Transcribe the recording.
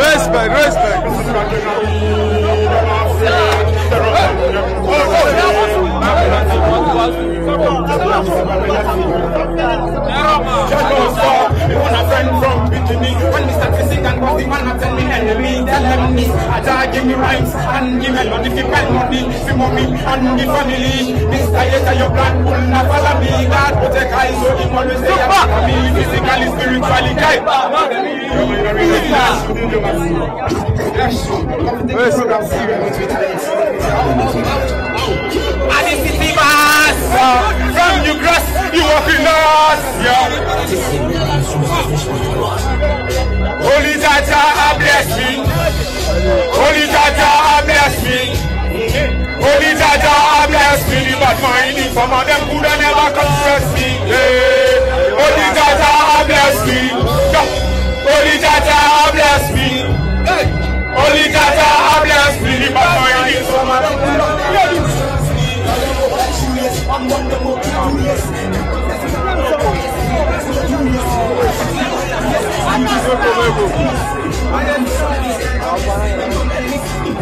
Respect, respect. Shadow a friend from When Mr. was the man me enemy, tell give me rights and give me you and the family. your plan will not follow me. God protect I, so me. Physically, spiritually, you Holy Jaja, I bless me. Holy Jaja, I bless me. Holy Jaja, I bless me. But my need for my them could never confess me. Yeah. Holy Jaja, I bless me. Holy Jaja, I bless me. Holy Jaja, I bless me. But my need for my them could never confess me. I'm one of the more curious. I am sorry.